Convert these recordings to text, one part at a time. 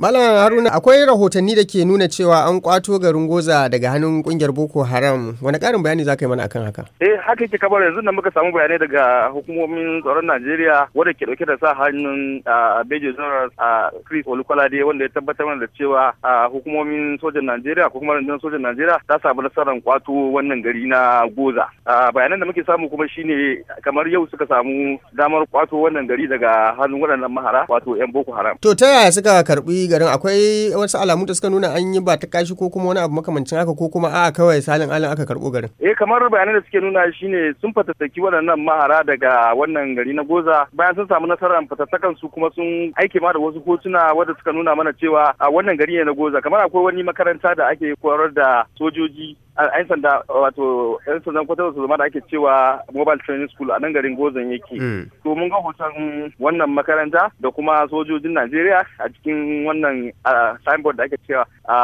Malam Haruna akwai rahotanni da ke nuna cewa an kwato garin Goza daga hannun kungiyar Boko Haram. Wani karin bayani za ka yi mana akan haka? Eh haka yake kabar yanzu da muka samu bayanai daga hukumomin tsaron Najeriya wanda ke dauke da sa hannun Beji a Chris Olukolade wanda ya tabbatar mana da cewa hukumomin sojan Najeriya ko kuma rundunar sojan Najeriya ta samu nasarar kwato wannan gari na Goza. Bayanan da muke samu kuma shine kamar yau suka samu damar kwato wannan gari daga hannun waɗannan mahara wato 'yan Boko Haram. To ta yaya suka karbi. garin akwai wasu alamu da suka nuna an yi ba ta kashi ko kuma wani abu makamancin haka ko kuma a'a kawai salin alin aka karbo garin. Eh kamar bayanan da suke nuna shi ne sun fatattaki waɗannan mahara daga wannan gari na Goza bayan sun samu nasarar fatattakan su kuma sun aike ma da wasu hotuna wanda suka nuna mana cewa a wannan gari ne na Goza kamar akwai wani makaranta da ake koyar da sojoji 'yan sanda wato 'yan sandan kwatar su zama da ake cewa mobile training school a nan garin gozon yake mm. to mun ga hoton wannan makaranta da kuma sojojin najeriya a cikin wannan signboard da ake cewa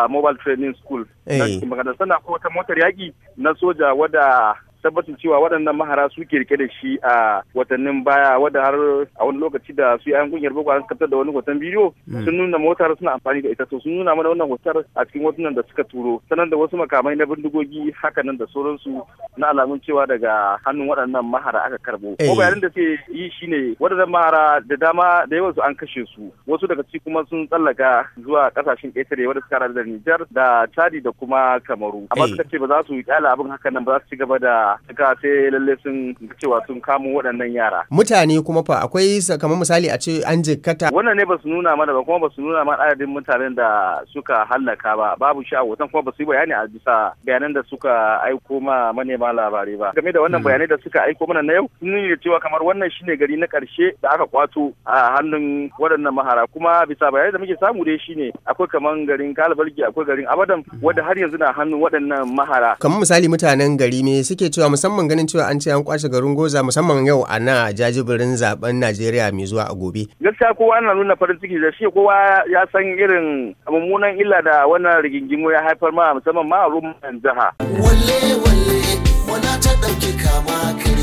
mobile training school eh. na cikin makaranta sannan ko wata motar yaki na soja wada. tabbacin cewa waɗannan mahara su ke rike da shi a watannin baya wadda har a wani lokaci da su yayan kungiyar boko an kaftar da wani hoton bidiyo hmm. sun nuna motar suna amfani da ita to sun nuna mana wannan hotar a cikin hotunan da suka turo sanar da wasu makamai na bindigogi hakanan da sauransu na alamun cewa daga hannun waɗannan mahara aka karbo ko eh. bayanin da ke yi shine waɗannan mahara da dama da su an kashe su wasu daga ciki kuma sun tsallaka zuwa ƙasashen ƙetare wadda suka da Nijar da Chadi da kuma Kamaru amma eh. suka ce ba za su kyala abin hakanan ba za su ci gaba da suka ce lalle sun cewa sun kamo waɗannan yara mutane kuma fa akwai kamar misali a ce an jikkata wannan ne ba su nuna mana ba kuma ba su nuna mana adadin mutanen da suka hallaka ba babu shi a wutan kuma ba su yi bayani a bisa bayanan da suka aiko ma manema labarai ba game da wannan hmm. bayanai da suka aiko mana na yau sun nuna cewa kamar wannan shine gari na karshe da aka kwato a hannun waɗannan mahara kuma bisa bayanai da muke samu dai shine akwai kaman garin Kalabalgi akwai garin Abadan hmm. wanda har yanzu na hannun waɗannan mahara kamar misali mutanen gari ne suke cewa cewa musamman ganin cewa an ce an kwace garin Goza musamman yau a na jajibirin zaben Najeriya mai zuwa a gobe. Gaskiya kowa na nuna farin ciki da shi kowa ya san irin mummunan illa da wannan rigingimu ya haifar ma musamman ma a rumman jiha. Walle walle wana ta ɗauki kama kai.